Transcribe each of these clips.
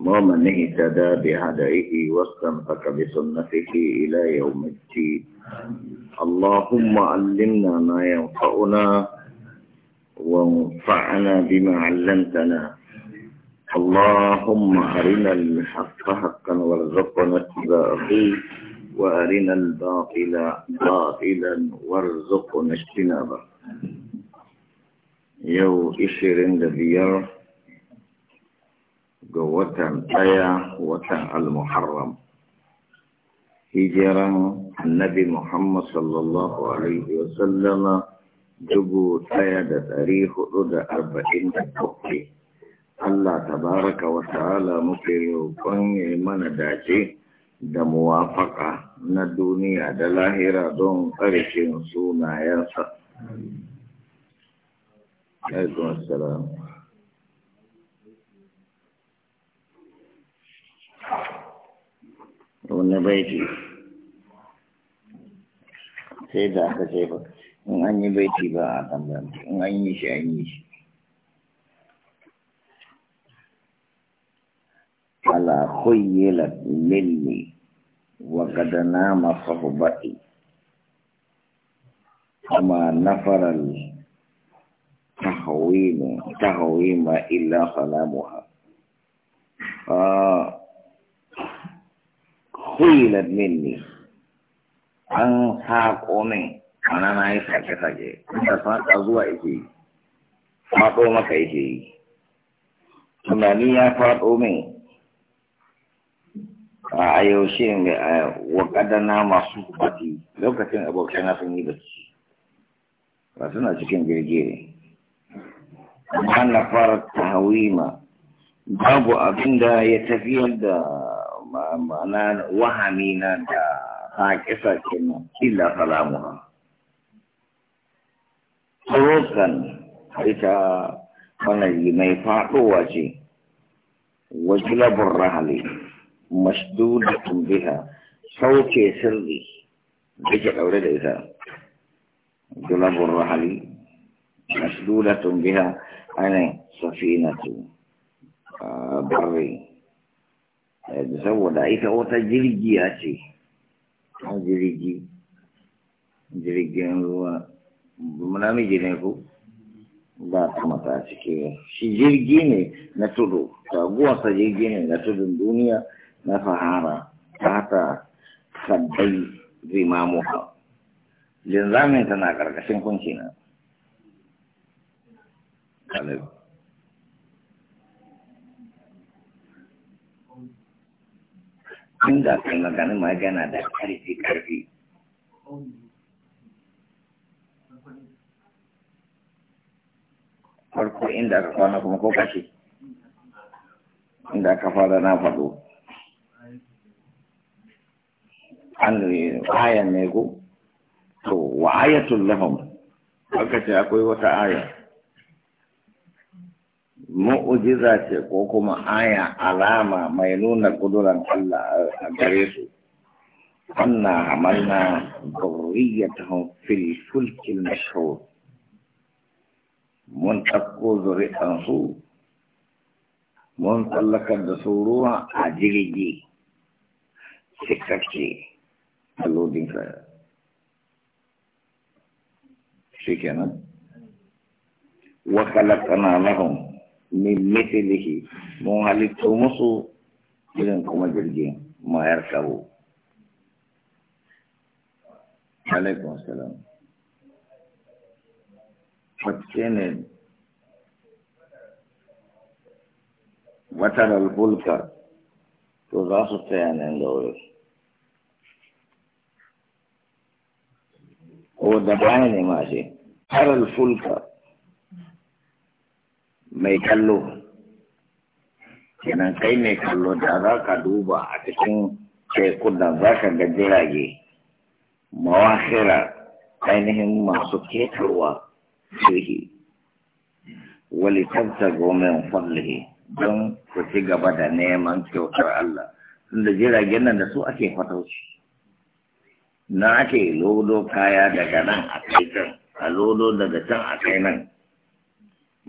ومن اهتدى بهدئه واستنفك بسنته إلى يوم الدين اللهم علمنا ما ينفعنا وانفعنا بما علمتنا اللهم أرنا الحق حقا وارزقنا اتباعه وأرنا الباطل باطلا وارزقنا اجتنابه يو إشرين دبيار ga watan ɗaya watan al-muharram hijiran annabi muhammad sallallahu alaihi wasallama dubu ɗaya da ɗari hudu da arba'in da bakwai allah tabaraka wa ta'ala muke roƙon ya mana dace da muwafaka na duniya da lahira don ƙarshen sunayensa. Assalamu wani baiti sai da aka ce ba in an yi baiti ba a tambayan in an yi shi an yi shi ala khuyyilat lilli wa qad nama sahbati kama nafaral tahwim tahwima illa salamuha ah hilat minni an haƙo min ana na yi sake-sake da saƙa zuwa ike yi faɗo maka ike yi tunani ya faɗo min a yaushe ne a wakadana masu baki lokacin abokai na sun yi bacci ba suna cikin girgire amma na fara tahawima babu abin da ya tafiyar da ma'ana wahami na da haƙe-saƙe na illa salamuha tsorokan ita wannan mai faɗowa ce wajilabun rahali masdudatun biha sauke sirri da ke ɗaure da ita wajilabun rahali masdudatun biha na safinatu barri saboda ita wata jirgiya ce a jirgi jirgin ruwa namiji ne ku ba ta cike shi jirgi ne na tudu taguwarsa jirgi ne na tudun duniya na sahara ta ta sabbai zimamuka linzamin tana karkashin kunci na inda kai magana magana da karfi karfi farko inda aka kwana kuma ko kashi, inda aka fara na faɗo an ayan ne ko to wa ayatul lahum aka ce akwai wata aya mu'jiza ce ko kuma aya alama mai nuna kudurar Allah a gare su anna hamalna zurriyatahum fil fulkil mashhur mun ɗauko zuri'an su mun tsallakar da su ruwa a jirgi cikakke a lodin kaya shi kenan wa khalaqna lahum من مثله مو هل تومسو إذن كما جرجين ما يركبو عليكم السلام فتشين وطر البلك تو راسو تيان اندور او دبعين ماشي هر الفلكر mai kallo kenan kai mai kallo da za ka duba a cikin tekun da za ka ga jirage mawahira ainihin masu ketarwa shirki wali tabta gomen fallihi don ku ci gaba da neman kyautar Allah tunda jiragen nan da su ake fatauci na ake lodo kaya daga nan a kai can a lodo daga can a kai nan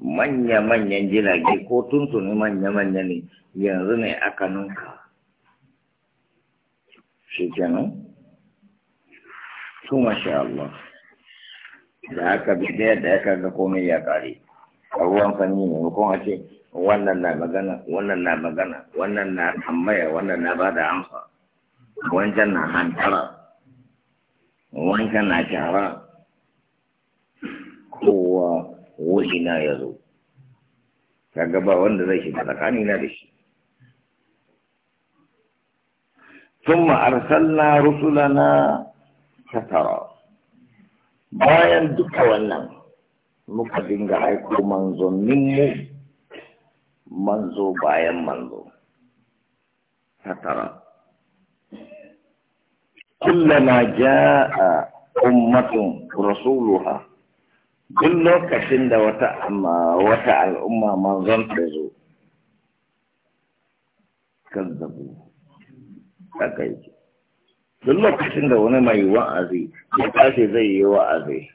manya-manyan jirage ko tuntuni manya-manya ne yanzu ne aka nunka shi kenan su masha Allah da aka bi da ya aka ga komai ya kare a ruwan sanyi ne kuma a ce wannan na magana wannan na magana wannan na tambaya wannan na ba da amsa wancan na hantara wancan na shara kowa wurina ya zo kaga ba wanda zai shiga tsakani na da shi thumma arsalna rusulana katara bayan duka wannan muka dinga aiko mu manzo bayan manzo katara kullama a ummatun rasuluha duk lokacin da wata amma wata al'umma manzon ta zo kan zabu haka yake duk lokacin da wani mai wa'azi ya kace zai yi wa'azi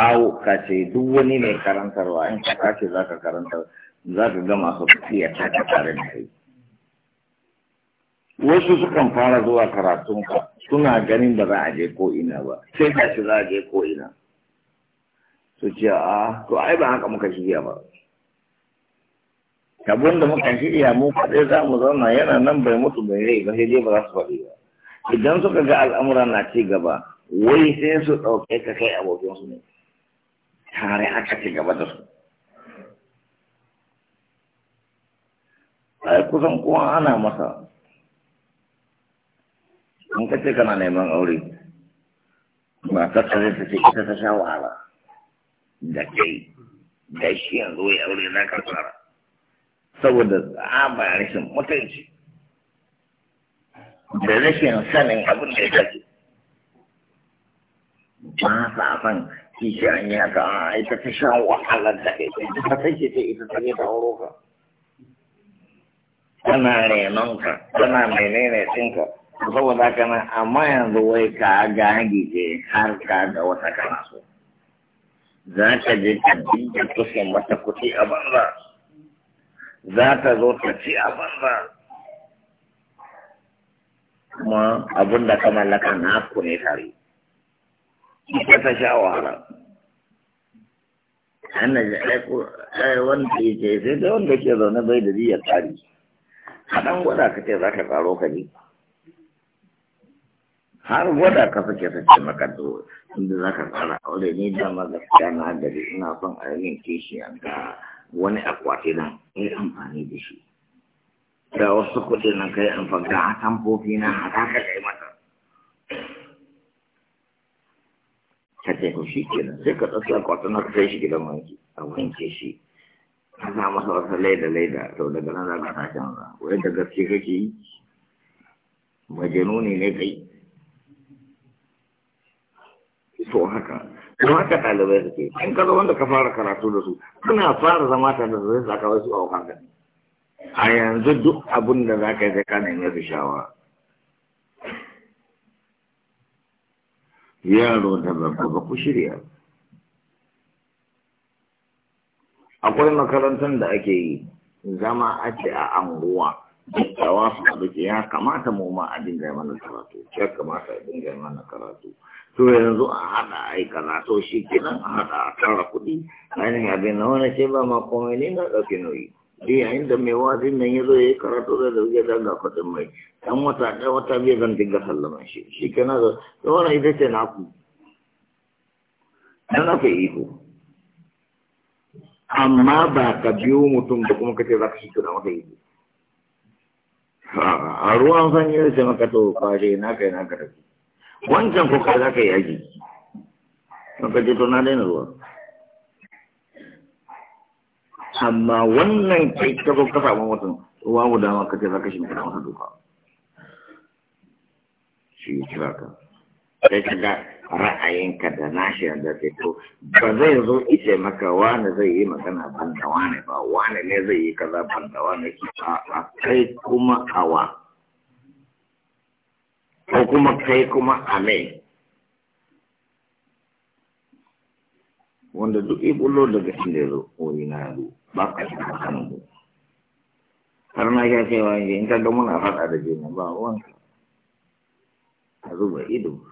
awo ka ce duk wani mai karantarwa in ka kace za ka karanta, za ka gama su fiye ta ta tare da kai wasu sukan fara zuwa karatunka suna ganin ba za a je ko ina ba sai ka za a je ko ina su ce a ah, to ai ba haka muka shirya ba abin da muka shirya mu kaɗai za mu zauna yana nan bai mutu bai rai ba sai dai ba za su faɗi ba idan suka ga al'amura na ci gaba wai sai su ɗauke ka kai abokinsu ne tare aka ci gaba da su ai kusan kowa ana masa in ka ce kana neman aure ba ta tare ta ce ita ta sha wahala da kai da shi yanzu ya aure za ka fara saboda zaa rashin mutunci da rashin sanin abin da ya kace ba sa san kishi an yi haka ah, ita ta sha wahalar da kai ta take ta ita ta ta wuro ka tana renonka tana menene ɗinka saboda haka nan amma yanzu wai ka gage har ka ga wata kana so za ta je ta dinga kusa mata kuɗi a banza za ta zo ta ci a banza kuma abin da ka mallaka na ku ne tare ita ta sha wahala ana ji ɗaya wanda ya ce sai da wanda ke zaune bai da ziyar tare a ɗan gwada ka ce za ka tsaro ka ji har gwada ka suke su ce maka to inda za ka tsara aure ne dama gaskiya na gari ina son a yin kishi ga wani akwati nan yi amfani da shi da wasu kudi nan kai amfani da kofi na haka ka kai mata ka ce ku shi nan sai ka tsaka akwati na kai shi gidan wanki a wanke shi ka sa masa wasu laida laida to daga nan za ka tashi wai da gaske kake yi majanuni ne kai to haka haka ɗalibai suke in ka wanda ka fara karatu da su kana fara zama ta da zai saka wasu a wakan a yanzu duk abin da za ka yi ka nemi su yaro da babba ba ku shirya akwai makarantar da ake yi zama ake a anguwa dattawa su haɗu ke ya kamata mu ma a dinga mana karatu ya kamata a dinga mana karatu to yanzu a haɗa a yi karatu shi kenan a haɗa a tara kuɗi ainihin abin na wani ce ba ma komai ne na ɗauki nauyi duk yayin da mai wazi nan ya zo ya yi karatu da zauke da ga kuɗin mai ɗan wata ɗaya wata biyu zan dinga sallaman shi shi kenan da yawan ita ce naku na nafa iko amma ba ka biyo mutum da kuma kace za ka shi tuna masa iko a ruwan sanyi da sai maka to kwashe na kai na ka tafi wancan ko kai za ka yi yaji maka je to na daina ruwa amma wannan kai ta zo ka samu mutum ruwa guda ma ka ce za ka shi masa duka shi kira ka sai ka ra'ayinka da nashi da sai to ba zai zo ice maka wani zai yi magana ban da wani ba wani ne zai yi kaza ban da wani a kai kuma awa ko kuma kai kuma ame wanda duk ibulo daga inda ya zo wuri na yadu? ba ka shi kan mu har na ga cewa in ka ga muna faɗa da juna ba wanka a zuba ido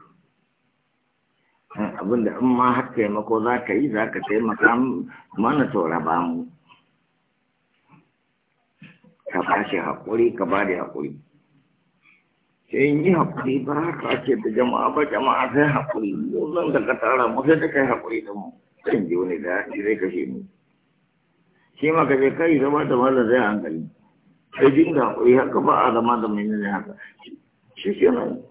abin da in ma har taimako za ka yi za ka taimaka mana saura ba mu ka ba shi haƙuri ka ba da haƙuri sai yi haƙuri ba haka ake da jama'a ba jama'a sai haƙuri mu zan da ka tara mu sai da kai haƙuri da mu sai ji wani da zai kashe mu shi ma ka je kai zama da malam zai hankali sai dinga haƙuri haka ba a zama da mai ne haka shi kenan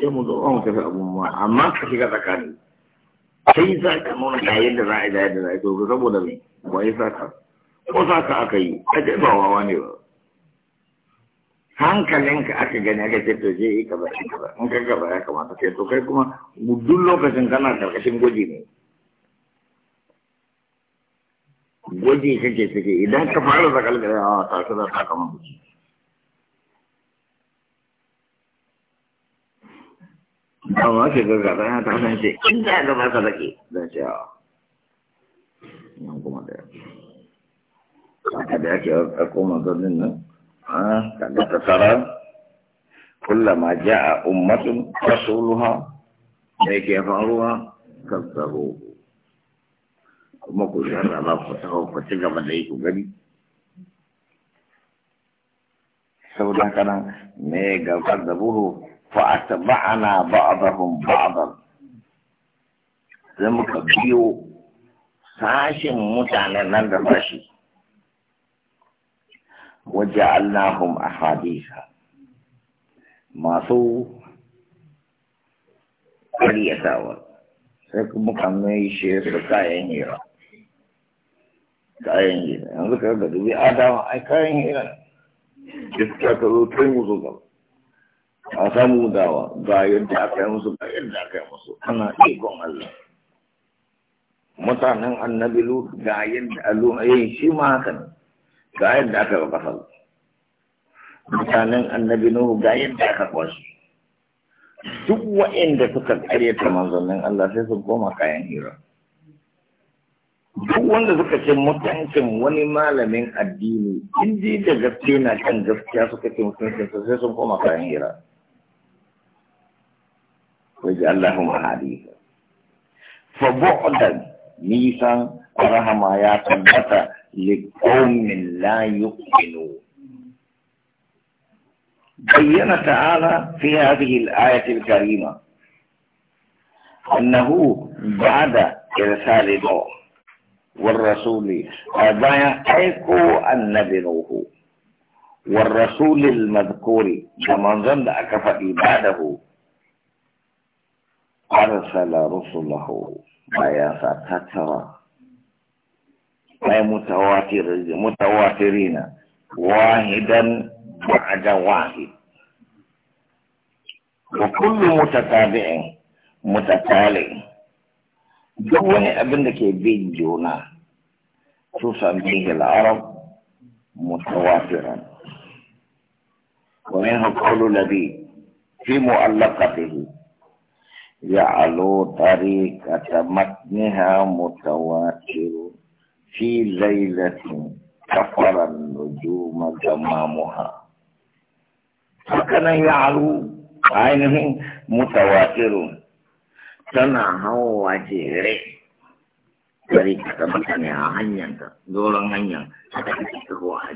sai mu zo mu tafi abun ma amma ka shiga tsakani sai za ka nuna ga yadda za a yi da yadda za a yi to saboda me ba yi ka, ko saka aka yi ka ce ba wawa ne ba hankalinka aka gani aka ce to je yi kaza yi kaza in ka gaba ya kamata sai to kai kuma duk lokacin kana karkashin gwaji ne gwaji kake cike idan ka fara zakalgara yawa ta kaza ta kama buki amma ke gaggata ya da ga ba ka zake zan ce a nan kuma da haka da yake a koma ganin nan a kaga ta tara kullama ja'a ummatun rasuluha da yake faruwa kazzaro kuma ku jarraba ku taho ku ci gaba da yi me ga fa’atabana ba a zafin ba’adar zai muka biyo sashen mutanen nan da bashi. wajen allahun a hadisa masu ƙaryatawa sai kuma kamar shi shirin da kayan hira kayan hira yanzu ka ga dubi adama ai kayan hira duk ta ka zo tun yi zuwa a samu dawa ga yadda aka yi musu ga yadda aka yi musu ana ikon Allah mutanen annabi lu ga yadda Allah eh, yayin shi ma haka ne ga yadda aka yi kasar mutanen annabi nuhu ga yadda aka kwashi duk wa'inda suka karyata manzannin Allah sai sun koma kayan hira duk wanda suka ce mutuncin wani malamin addini inji da gaske na kan gaskiya suka ce mutuncin sai sun koma kayan hira واجعل لهم حديثا فبعدا نيسا ورحم يا البتا لقوم لا يؤمنون بين تعالى في هذه الآية الكريمة أنه بعد إرسال نوح والرسول أبا يحيكو النبي نوح والرسول المذكور كما ظن أكفى بعده أرسل رسله بيا ستترى أي متواتر متواترين واحدا بعد واحد وكل متتابع متتالي دون ابن abin بيت جونا bin العرب متواترا ومنه قول الذي في مؤلقته ya'alu tariqata matniha mutawatir fi laylatin kafara nujuma jamamuha haka nan ya'alu ainihin mutawatirun tana hawa jere tari kata mutane a hanyar ta doron hanyar ta kai ta hawa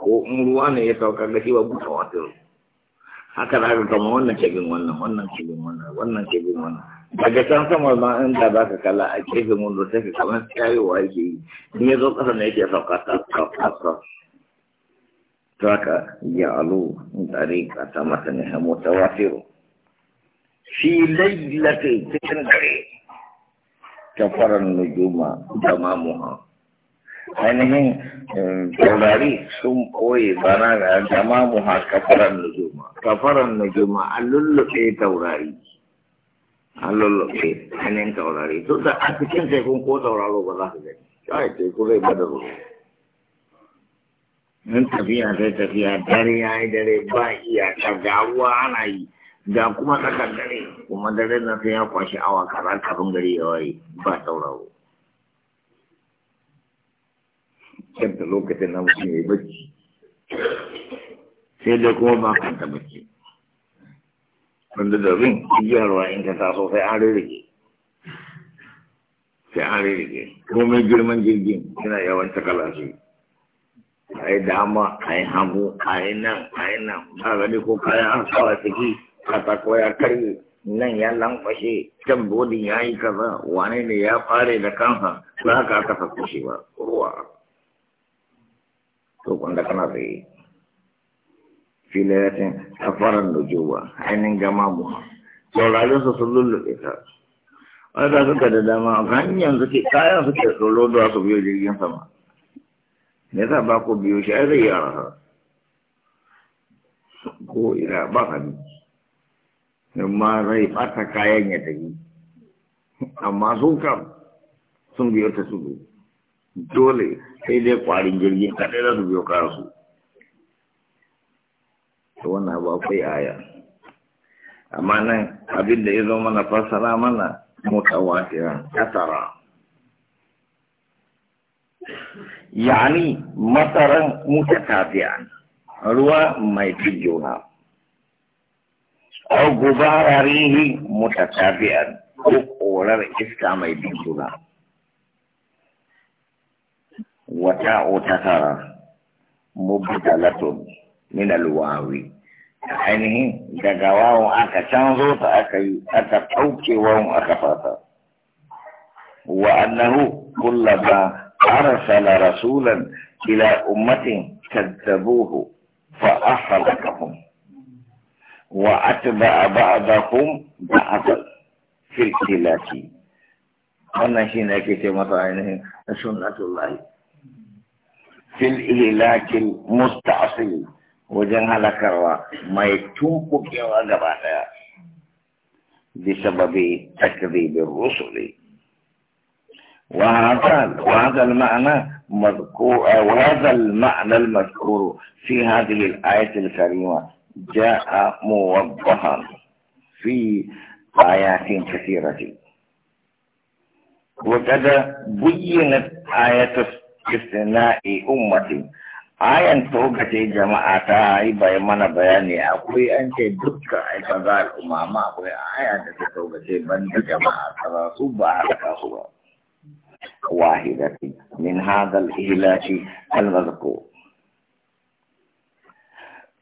ko in ruwa ne ya sauka ga shi wa mutawatirun haka za ka kama wannan ke wannan wannan ke wannan wannan ke wannan daga can sama ma in da za ka kala a gefen wanda sai ka kamar wa yake yi Ni ya zo kasa na yake sauka ta kasa ta ka ya alu in tsari ka ta mata ne hamo ta wasiru shi lailata cikin dare ta faran nujuma da ha. ainihin eh, taurari sun koye bana da tamamu ha kafaran nujuma kafaran nujuma a lullube taurari a lullube ainihin taurari to da a cikin tekun ko tauraro ba za ka gani kawai teku zai bada ruwa in tafiya sai tafiya dare ya yi dare ba iyaka ga ruwa ana yi ga kuma tsakar dare kuma dare na sai ya kwashi awa kaza kafin gari ya waye ba tauraro kyanta lokacin na mutum ya yi bacci sai dai kuma ba kanta bacci wanda da rin igiyarwa in ka taso sai an rirrike sai an rirrike komai girman jirgin yana yawan takala su a yi dama a yi hagu a yi nan a yi nan ba gani ko kayan an sawa ciki katako ya karye nan ya lankwashe can bodin ya yi kaza wane ne ya fare da kansa ba ka aka fasashe ba ruwa to wanda kana tsaye filayatin kafaran da jowa ainihin gama mu saurarin su sun lullube ta wanda suka da dama hanyar suke kayan suke tsoro da su biyo jirgin sama me yasa ba ku biyo shi ai zai yi araha ko ina ba ne? amma zai bata kayan ya tafi amma su kam sun biyo ta su dole sai dai kwarin jirgin kaɗai za su biyo karasu to wannan abu akwai aya amma nan abin da ya zo mana fassara mana mutawatira kasara yani masaran mutatabi'an ruwa mai bin juna au gubara rihi mutatabi'an ko korar iska mai bin juna وتاء تثرى مبدلة من الواوي يعني دقا واو أكا تنظر أكا أكا توكي واو أكا فاتر وأنه كلما أرسل رسولا إلى أمة كذبوه فأحرقهم وأتبع بعضهم بعضا في الكلاكي أنا هنا كتبت عينه سنة الله في الإهلاك المستعصي وجهلك الله ما يتنقب يوغبها بسبب تكذيب الرسل وهذا وهذا المعنى مذكور وهذا المعنى المذكور في هذه الآية الكريمة جاء موضحا في آيات كثيرة وقد بينت آية istina'i ummatin ayan togace jama'a ta yi bai mana bayani akwai an ce dukka aika za al'umma amma akwai aya da ta togace ban da jama'a ta su ba a raka su ba wahidati min hadal ihlaci al-mazkur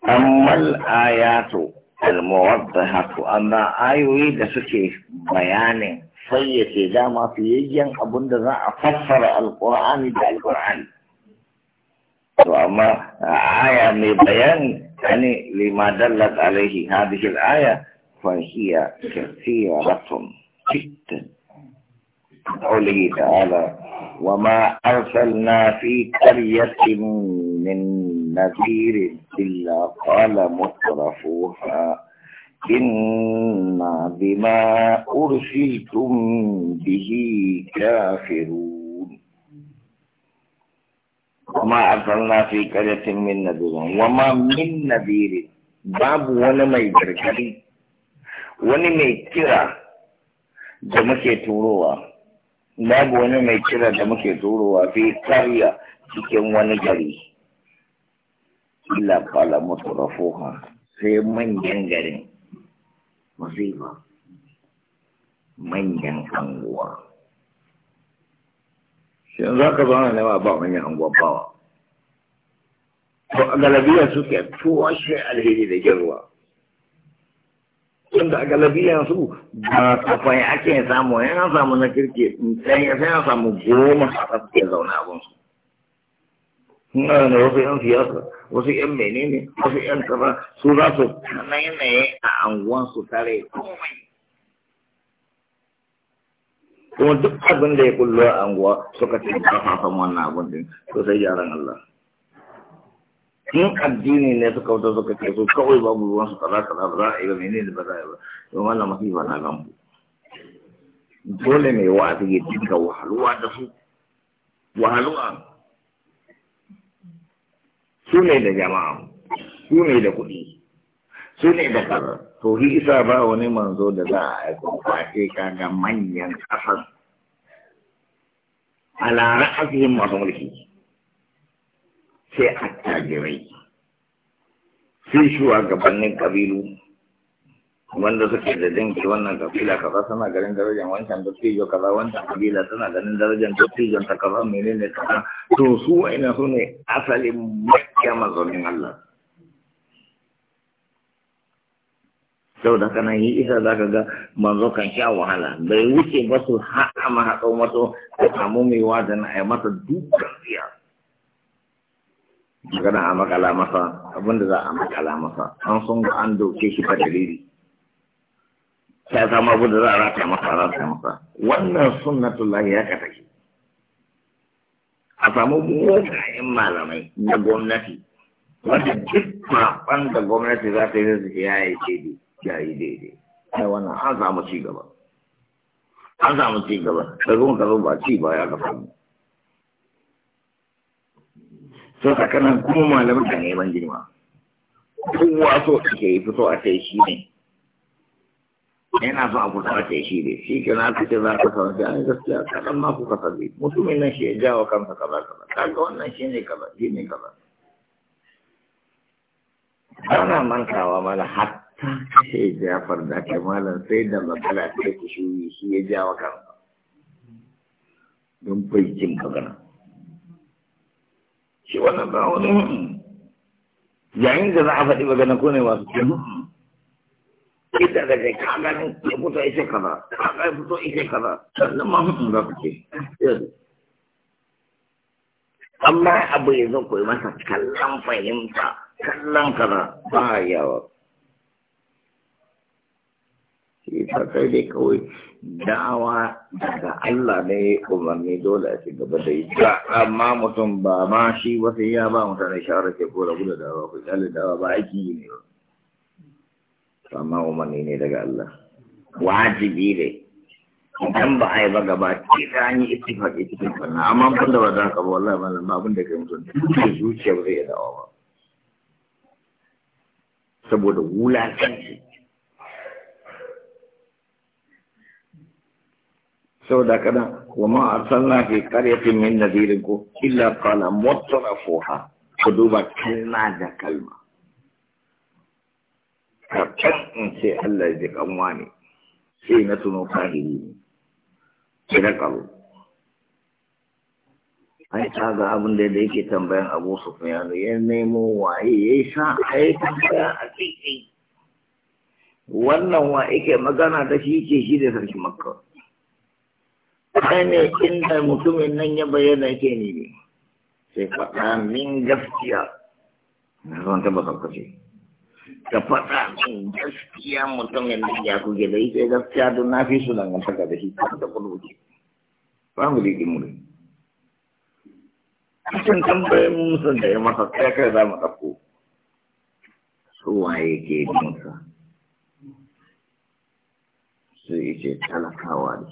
amma al-ayatu al-muwaddaha amma ayoyi da suke bayanin sai ya ce dama fiyayyen abin da za a fassara alkur'ani da alkur'ani to amma aya mai bayani yani lima dallat alaihi hadhihi al-aya fa hiya kathiratun jiddan قوله تعالى وما أرسلنا في قرية من نذير إلا قال مترفوها إنا بما أرسلتم به كافرون وما أرسلنا في قرية من نذير وما من نذير باب ولا ما يجري wani mai kira da muke turowa babu wani mai kira da muke turowa fi kariya cikin wani gari illa kala mutu rafuha sai manyan garin musiba manyan anguwa shi za ka zauna nema ba bawa to a galabiya suke tuwa shi alheri da girwa tunda a galabiya su ba kafai ake samu yana samu na kirki ɗaya sai samu goma a tsakke zauna abinsu na wasu yan siyasa wasu su yanayi a kuma duk abin ya kullo a anguwa suka ce wannan abin din to sai yaran Allah in addini ne suka wuta suka ce su kawai babu ruwan su kaza kaza ba za a yi ba ne ba za a yi ba to wannan masifa na bu. dole ne wa'azi ya dinka wahaluwa da su wahaluwa su ne da jama'a su ne da kuɗi su ne da ƙasa. to shi isa ba wani manzo da za a aiko kwace ka ga manyan ƙasar a lara asihin masu mulki sai attajirai sai gabanin kabilu wanda suke da dinki wannan kabila kaza sana ganin darajar wancan dattijo kaza wancan kabila suna ganin darajar dattijon ta kaza menene kaza to su wa'ina su ne asalin makiya mazaunin Allah da kana yi isa za ka ga manzo kan sha wahala bai wuce ba su haɗa mahaɗo mato a samu mai wazin a yi masa dukkan siya magana a makala masa abinda za a makala masa an sun ga an doke shi fa dalili sai samu abu da za a rataya masa a rataya masa wannan sunnatullahi ya ka take a samu mugayen malamai na gwamnati wanda duk kwaɓan da gwamnati za ta yi su ya yi daidai ya yi daidai ai wannan an samu ci gaba an samu ci gaba da kuma ka ba ci ba ya kafa mu so sakanan kuma malamai ka neman girma kowa so ake yi fito a kai shi ne yana zuwa a kusa ake shi ne shi ke na kace za ka san sai ai gaskiya kaɗan ma ku kasa bi mutumin nan shi ya jawo kansa kaza kaza kaga wannan shi ne kaza shi ne kaza ana mantawa mana hatta kashe jafar da ke malam sai da matsala ta ku shi shi ya jawo kansa don bai jin magana shi wannan ba wani hmm. yayin da za a faɗi magana ko ne masu cikin hmm. inda da kai ka gani ya fito ita kaza ka ga ya fito ita kaza sannan ma hukun za ku ce amma abu ya zo koyi masa kallon fahimta kallon kaza yawa kawai dawa daga Allah ne umarni dole a ci gaba da ita amma mutum ba ma shi wasu ya ba mutane shara ke ko rabu da dawa ku dawa ba aiki ne ba amma umarni ne daga Allah wajibi ne idan ba a yi ba gaba ce ta an yi ittifaqi cikin fannin amma ban da ba za ka ba wallahi malam ba abin da kai mutum da zuciya ba zai iya dawo ba saboda wulakanci saboda kada wa ma arsalna fi qaryatin min nadirin ko illa qala mutrafuha ku duba kalma da kalma karɓar in ce Allah ya ji kanwa ne sai na tuno kahiri ne sai na ƙaru ai ta ga abin da da yake tambayan abu su ya nemo waye ya yi sa a yi tambaya a tsaye wannan wa yake magana da shi ke shi da sarki makka kai ne inda mutumin nan ya bayyana ke ne sai faɗa min gaskiya na zan ka sarkace ka faɗa min gaskiya mutumin da ya kuke da ita gaskiya don na fi su dangantaka da shi da kudu ce ba mu da mu ne cikin tambayin musun da ya masa sai kai za mu ɗauko su waye ke jinsa su yi ce talakawa ne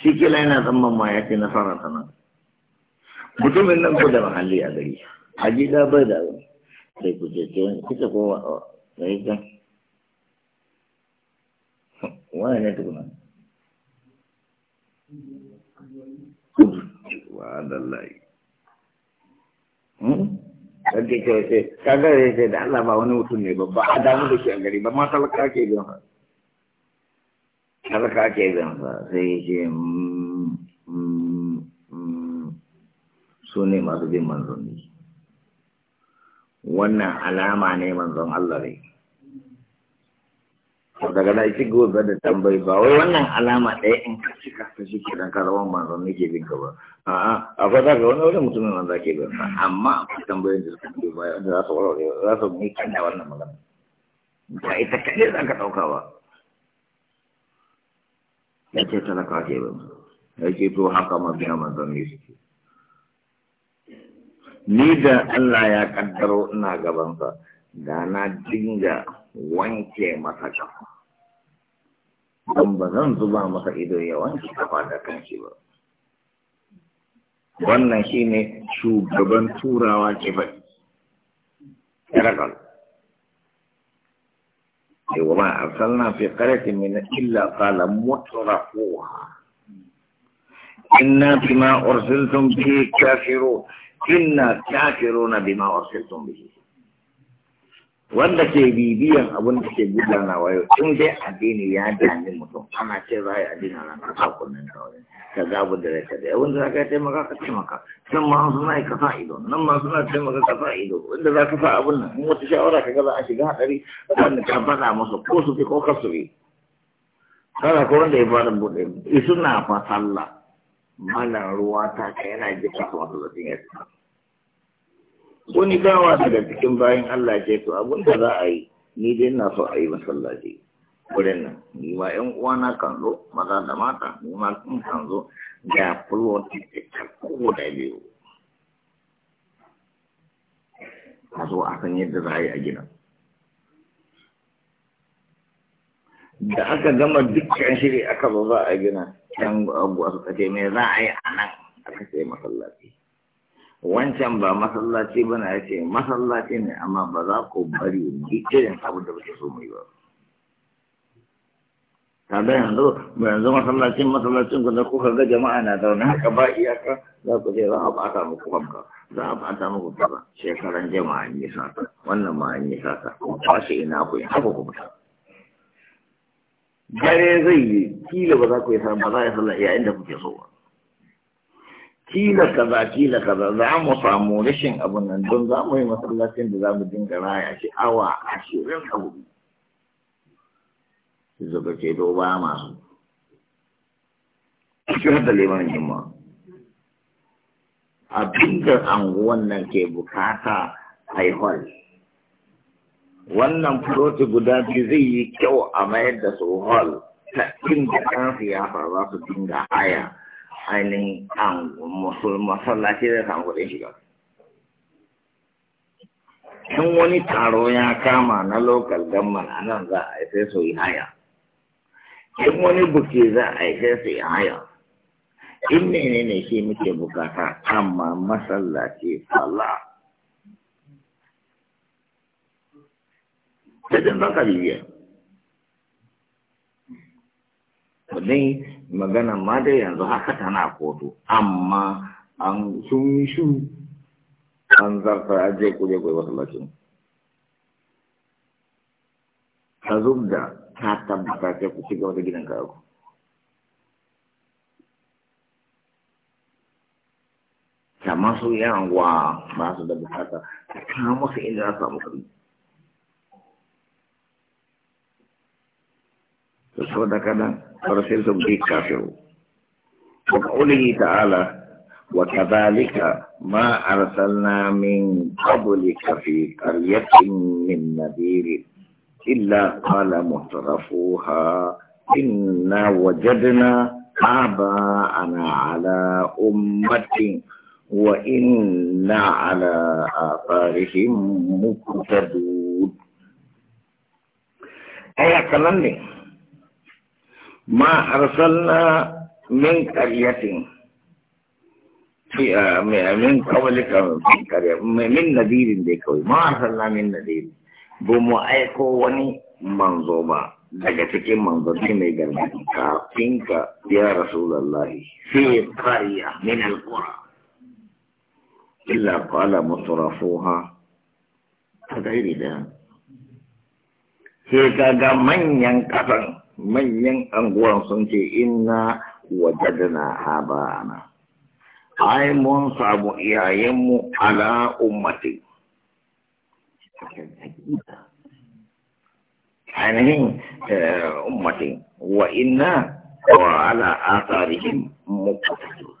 shi kila yana zama ma ya fi nasara sana. nan mutumin nan ko da mahalli a gari a gida bai da abin sai ku je ke wani kuka ko wa da yi wani ne tukuna wa da lai kake kawai sai kagare sai da Allah ba wani mutum ne babba ba a da shi a gari ba ma talaka ke bin sa talaka ke bin sa sai ya ce mm, mm, mm. su ne masu bin manzanni wannan alama ne manzon Allah ne daga na shi gobe da tambayi ba wai wannan alama ɗaya in ka cika ka shi kiran karawan manzon ne ke bin ka ba a'a akwai za ka wani wani mutumin da za ke bin amma a tambayoyin da suka biyo baya wanda za su warware za su mai da wannan magana ba ita kaɗai za ka ɗauka ba ya ce talaka ke ba, ya ce to haka ma biya manzon ne suke ni da Allah ya kaddaro ina gabansa da na dinga wanke masa kafa don ba zan zuba masa ido ya wanke kafa da kanshi ba wannan shine shugaban turawa ke faɗi yarakal وما أرسلنا في قرية من إلا قال مترفوها Inna بما أرسلتم به كافرون inna kafiruna bima arsaltum bihi wanda ke bibiyan abin da ke gudana wayo in dai addini ya dani mutum ana ce za a yi addini ran ka sa kunnen kawai ka gabu da rai da wanda za ka taimaka ka taimaka nan ma suna yi ka sa ido nan ma suna taimaka ka sa ido wanda za ka sa abin nan in wata shawara ka gaza a shiga hadari wanda ka faɗa musu ko su fi ko ka su fi kada ko wanda ya fara buɗe na fa sallah mana ruwa ta ka yana jika su wasu zafin ya wani gawa daga cikin bayan Allah ce to abin da za a yi ni dai na so a yi masallaci wurin nan ni ma ƴan uwana kan zo maza da mata ni ma sun kan zo ga fulwon ta ko da biyu Ka zo a san yadda za a yi a gidan da aka gama dukkan shiri aka ba za a gina can abu a suka ce mai za a yi a nan aka ce masallaci wancan ba masallaci ba na ce masallaci ne amma ba za ku bari ni irin abin da ba so mai ba tare yanzu yanzu masallacin masallacin ku da kuka ga jama'a na zaune haka ba iyaka za ku ce za a bata muku fanka za a bata muku kaza shekaran jama'a an yi sata wannan ma an yi sata ku kwashe ina ku yi haka ku fita dare zai yi kila ba za ku yi sa ba za a yi sallah yayin da kuke so ba kila kaza kila kaza za mu samu rashin abun nan don za mu yi masallacin da za mu dinga raya shi awa ashirin a hudu zuba ce to ba masu cikin da liman jima abin da anguwan nan ke bukata haihwal wannan furoti guda biyu zai yi kyau a mayar da su hall ta inda kan siyasa za su dinga haya ainihin an masallaci zai samu kuɗin shiga in wani taro ya kama na lokal gamman a nan za a sai su yi haya in wani buki za a sai su yi haya in menene shi muke bukata amma masallaci sallah sai dan baka bibiya dai magana ma dai yanzu haka tana kotu amma an sun yi shu an zarta aje kuje kuje masallacin ka da ta tabbata sai ku ci gaba da gidan ku ta masu yan wa ba su da bukata ka musu inda za su samu kuɗi فذكر أرسلتم به كافرون وقوله تعالى وكذلك ما أرسلنا من قبلك في قرية من نذير إلا قال مترفوها إنا وجدنا آباءنا على أمة وإنا على آثارهم مقتدون أي كلام ما أرسلنا من قرية في من قبلك من قرية من نذير ديكوي ما أرسلنا من نذير بمو أيكو وني منظومة daga cikin manzanni mai gargadi kafin ka ya rasulallahi fi qariya min alqura illa qala mutrafuha ta gairi da sai kaga manyan kasan manyan anguwan sun ce inna wajadna habana ai mun samu iyayenmu ala ummati ainihin eh, ummati wa inna wa ala asarihim muqtadun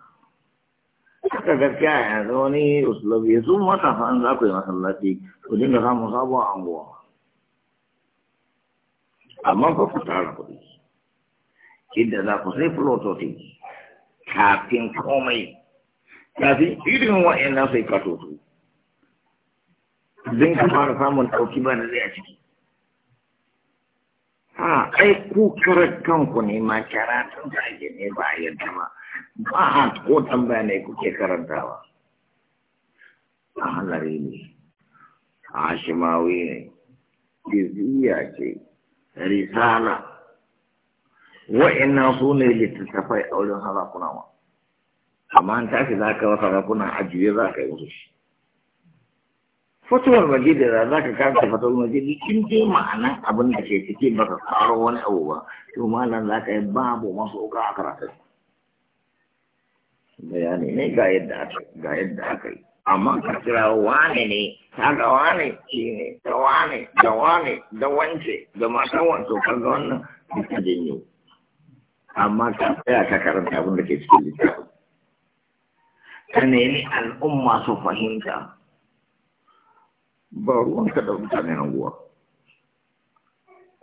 haka gaskiya yanzu wani usulabi su matasa an za ku yi masallaci ku dinga samun sabuwar anguwa amma ba ku tara kuɗi inda za ku sai fulototi kafin komai kafin irin wa'annan sai ka toto ka fara samun ɗauki ba na zai a ciki a ai ku karar kanku ne ma karatun da ake ne ba a yadda ba ba a ko tambaya ne kuke karantawa a halari ne a shimawi ne jiziya ce risala wa'annan su ne littattafai a wurin harakuna ma amma an tafi za ka wasa rakuna ajiye za ka yi musu shi fatuwar majidi da za ka karanta fatuwar majidi kin je ma'ana abin da ke ciki ba ka karo wani abu ba to malam za ka yi babu masu uka a karatun bayani ne ga yadda aka yi amma ka kira wane ne ta ga wane shi ne da wane da wane da wance da matan wato ka ga wannan duka janyo amma ka tsaya ka karanta abin da ke cikin littafin ka nemi al'umma su fahimta ba ruwanka da mutane na guwa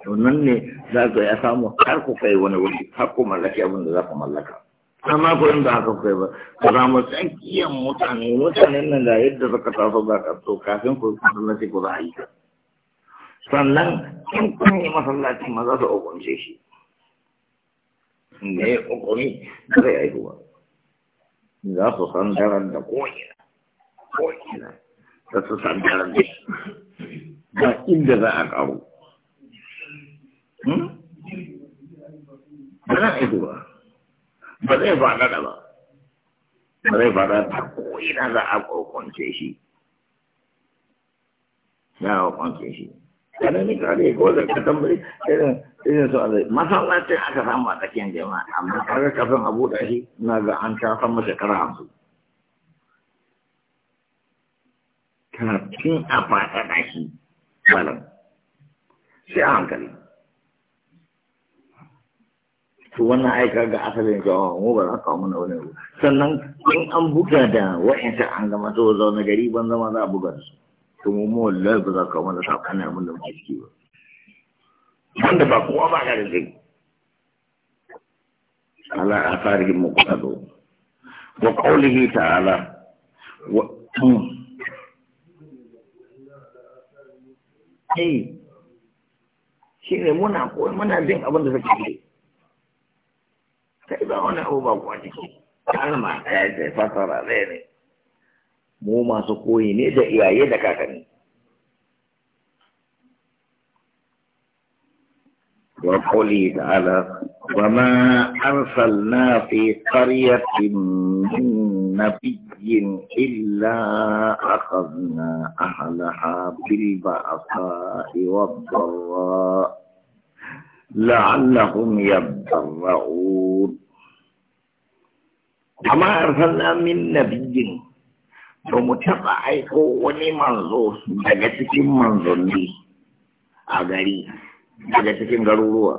to ne za ka ya samu har ku kai wani wuri har ku mallaki abin da za ku mallaka amma ko in ba haka kai ba ka samu tsakiyan mutane mutanen nan da yadda suka taso ba ka so kafin ku masallaci ku za a yi sannan in kun yi masallaci ma za su hukunce shi ne ya hukumi zai haihuwa za su san daren da ko'ina ko'ina za su san daren da ba inda za a karu hmm? ba na haihuwa ba zai da ba ba zai faɗaɗa ko ina za a kokonce shi za a kokonce shi kada ni kare ko da ka tambayi irin irin su azai masallacin aka samu a tsakiyar jama'a amma kaga kafin a buɗe shi na ga an ta mu shekara hamsin kafin a faɗaɗa shi malam sai a hankali to wannan ai kaga asalin jawa mu ba za ka mana wani abu sannan in an buga da wa'ansu an gama to zaune gari ban zama za a buga da su to mu mu wallahi ba za ka mana sakanin mun da muke ciki ba wanda ba kowa ba ka da zai ala asarihim muqtadu wa qawlihi ta'ala wa hmm. eh shi ne muna koyi muna jin abin da suke yi سيبا هنا أبواني كلمة هذه فترة ذيني مو ما سقوي نيدا إيا يدا كاكني تعالى وما أرسلنا في قرية من نبي إلا أخذنا أهلها بالبعثاء والضراء لعلهم يضرعون وما أرسلنا من نبي فمتبع أيكو وني منظور بجتك منظور لي أغري بجتك غروروا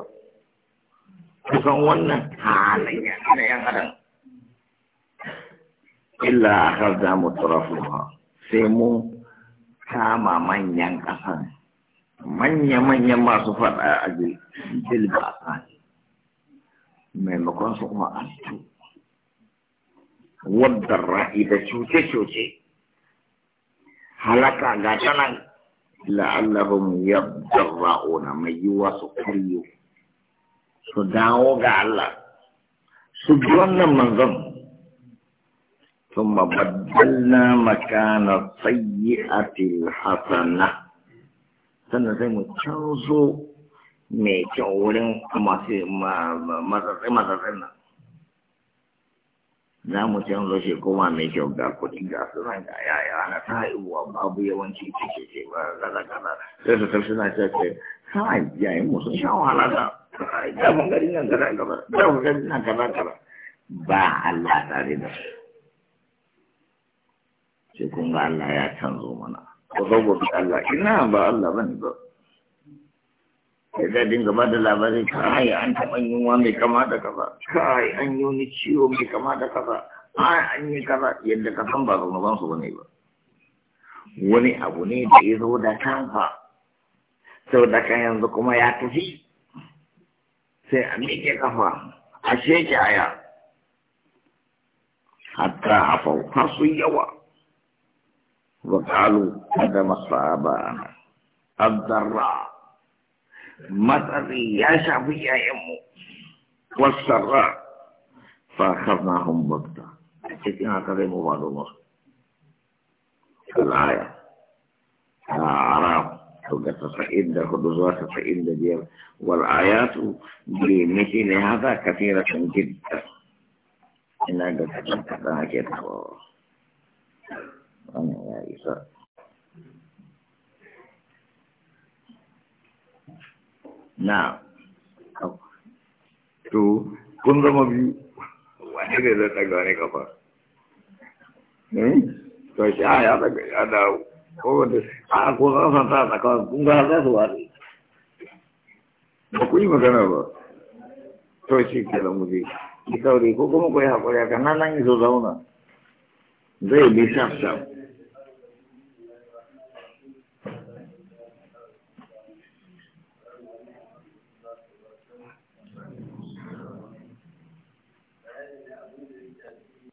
kusan wannan halayya na yan adam illa akhadna mutrafuha sai mu manya-manyan masu faɗa a jil ba a tsani maimakon su kuma an tu wadda ra'i da cuce-cuce halaka ga tanan la'allahum yabdarra'una mai yiwa su karyo su dawo ga Allah su bi wannan manzon ثم بدلنا مكان السيئة الحسنة sannan sai mu canzo mai kyau wurin masu matsatsai-matsatsai nan za mu canzo shi kuma mai kyau ga kudi ga su sunan ga yaya ana ta haihuwa babu yawanci cike ce ba gaza gaza sai su kai suna ce ce sai yayin mu sun sha wahala da da gari nan gaba gaba da gari nan gaza gaza ba Allah tare da su sai kun ga Allah ya canzo mana ku zauwa bi Allah ina ba Allah bane ba sai da dinga ba da labari kai an taɓa yunwa mai kama da kaza kai an yi wani ciwo mai kama da kaza ai an yi kaza yadda ka san ba zunuban su bane ba wani abu ne da ya zo da kansa sau da kan yanzu kuma ya tafi sai a miƙe kafa a sheke aya hatta a har sun yawa واجعلوا قدم الصحابة الضراء مثلي يا شعبي يا يمو والسراء فأخذناهم بغتة لكن هكذا بعض الله الآية أعراف فإن خدوزات فإن دير والآيات بمثل هذا كثيرة جدا إن تجد كتاب كتاب wannan ya isa na to kun zama biyu wani ne zai daga wani kafa to shi a ya daga ya dawo kowane a ko za su ta tsakawa kun ga za su wari ba ku yi magana ba to shi ke da mu zai ki kaure ko kuma ku yi haƙuri a kan nan yi zo zauna zai bi shaf shaf